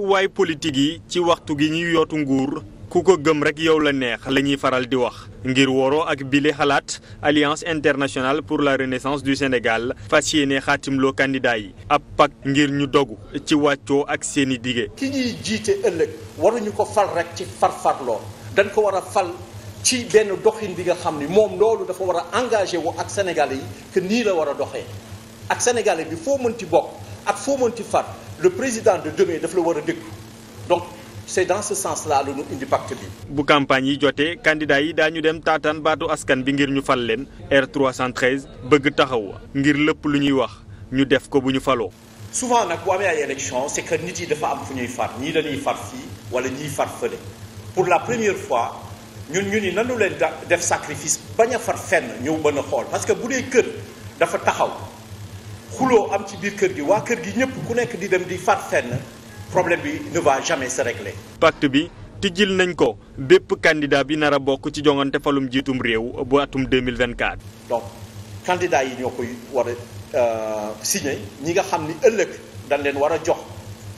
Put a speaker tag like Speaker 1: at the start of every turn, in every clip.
Speaker 1: waay politique yi ci waxtu gi ñuy yootu nguur ku ko gëm rek yow la neex la ñuy faral di wax ngir woroo ak bile xalaat alliance internationale pour la renaissance du Sénégal fas yéene xaatimloo candidat yi ab pak ngir ñu dogu ci wàccoo ak seen i dige ki ñuy jiite ëllëg waruñu ko fal rek ci farfarloo dañ ko war a fal
Speaker 2: ci benn doxin bi nga xam ni moom loolu dafa war a engagé wu ak sénégalais yi que nii la war a doxee ak sénégalais bi foo mënti bokk ak foo le président de demain daf la war a
Speaker 1: déglu donc c' dans ce sens là lu ñu indi bi. bu campagne yi jotee candidat yi daañu dem taataan baatu askan bi ngir ñu fal leen R313 bëgg taxaw ngir lépp lu ñuy wax ñu def ko bu ñu faloo.
Speaker 2: souvent nag bu amee ay élection c' est que nit yi dafa am fu ñuy far ñii dañuy far fii wala ñiy far fële pour la première fois ñun ñu ni nanu leen def sacrifice bañ a far fenn ñëw mën a xool parce que bu dee kër dafa taxaw. xuloo am ci biir kër gi waa kër gi ñëpp ku nekk di dem di faat fenn problème bi
Speaker 1: ne va jamais se régler. pacte bi tijjil nañ ko bépp candidat bi nar a bokk ci joŋante falum jiitum réew bu atum 2024. donc candidat yi ñoo koy wara
Speaker 2: a euh, signé ñi nga xam ni ëllëg dañ leen war a jox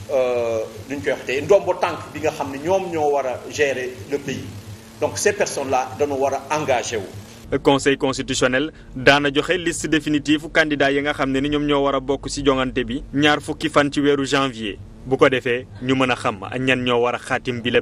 Speaker 2: nu euh, ñu koy waxtee ndombo tànk bi nga xam ni ñoom ñoo war a gérer le pays donc ces personnes la
Speaker 1: dañoo war a engagé wu. conseil constitutionnel daana joxe liste définitive candidat yi nga xam ne ni ñoom ñoo war a bokk ci joŋante bi ñaar fukki fan ci weeru janvier bu ko defee ñu mën a xam ñan ñoo war a xaatim bi le